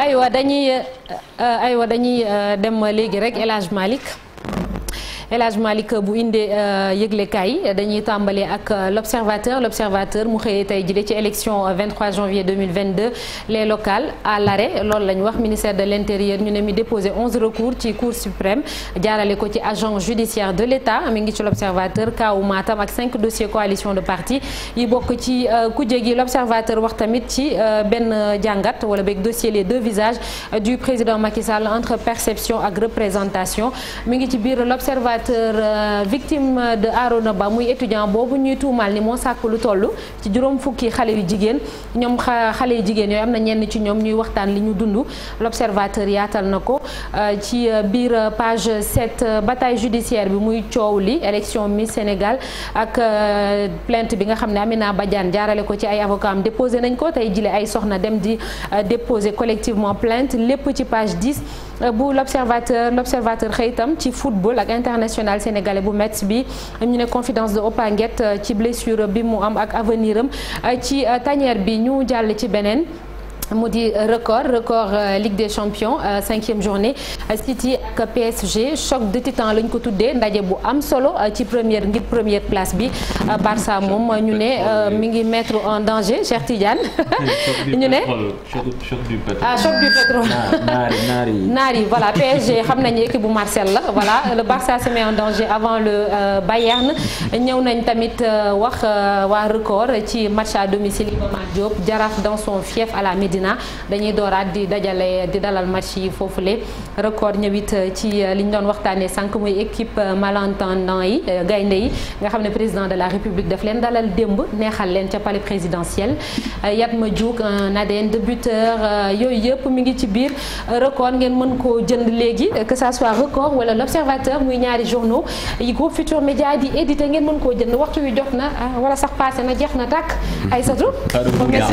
aywa dañuy eh, eh, aywa dañuy eh, dem léegi rek El Hadj Malick El Hadj Malick bu indee euh, yëglekaay yi dañuy tàmbalee ak euh, l'observateur l'observateur mu xëyee tey jii ci élection 23 euh, janvier 2022 les locales à l'arrêt loolu la ñu wax ministère de l'intérieur ñu ne mi déposé 11 recours ci cour suprême jaarale ko ci agent judiciaire de l'État mi ngi ci l'observateur kaawu Matam ak 5 dossiers coalition de parti yi bokk ci ku kuje gi l'observateur wax tamit ci benn jàngat wala beeg dossier les deux visages du président Macky Sall entre perception ak représentation observateur euh, victime de Arona Ba muy étudiant boobu ñuy tuumaal ni moo sàkk lu toll ci juróom fukki xale yu jigéen ñoom xa xale yu jigéen yooyu am na ñenn ci ñoom ñuy waxtaan li ñu dund l'observateur yaatal na ko euh, ci euh, biir page 7 bataille judiciaire bi muy coow li élection mi Sénégal ak plainte bi nga xam ne Amina Badiane jaarale ko ci ay avocat am déposé nañ ko tey jile ay soxna dem di déposer collectivement plainte lépp ci page 10 bu l'observateur l'observateur xëy national sénégalais bu Metz bi ñu ne confidence de Opanguette euh, ci blessure bi mu am ak avenir am euh, ci euh, tanière bi ñu jàll ci beneen mu di record record euh, Ligue des champions euh, cinquième journée City ak PSG choc de titan lañ ko tuddee ndaje bu am solo euh, ci première ngir première place bi Barça moom ñu ne mi ngi mettre en danger Cheikh Tidiane. ñu ne choc du pétrole ah choc du pétrole. Ah, naari naari voilà PSG xam nañu équipe bu Marseille la voilà le Barça se en danger avant le Bayern ñëw nañ tamit wax waa record ci match à domicile Iba Mar Diop dans son fief à la Médina. Medina dañuy dooraat di dajale di dalal match yi foofu foofule record ñëwit euh, ci euh, li ñu doon waxtaanee sànq muy équipe euh, malentendant yi gaynde yi nga xam ne président de la république daf leen dalal démb neexal leen ca palais présidentiel Yatma Diouk un ADN de buteur yooyu yëpp mi ngi ci biir record ngeen mën koo jënd léegi que ça soit record wala l'observateur muy ñaari journaux yi groupe Futur Média di édité ngeen mën koo jënd waxtu wi jot na wala sax passé na jeex na tàkk hmm. ay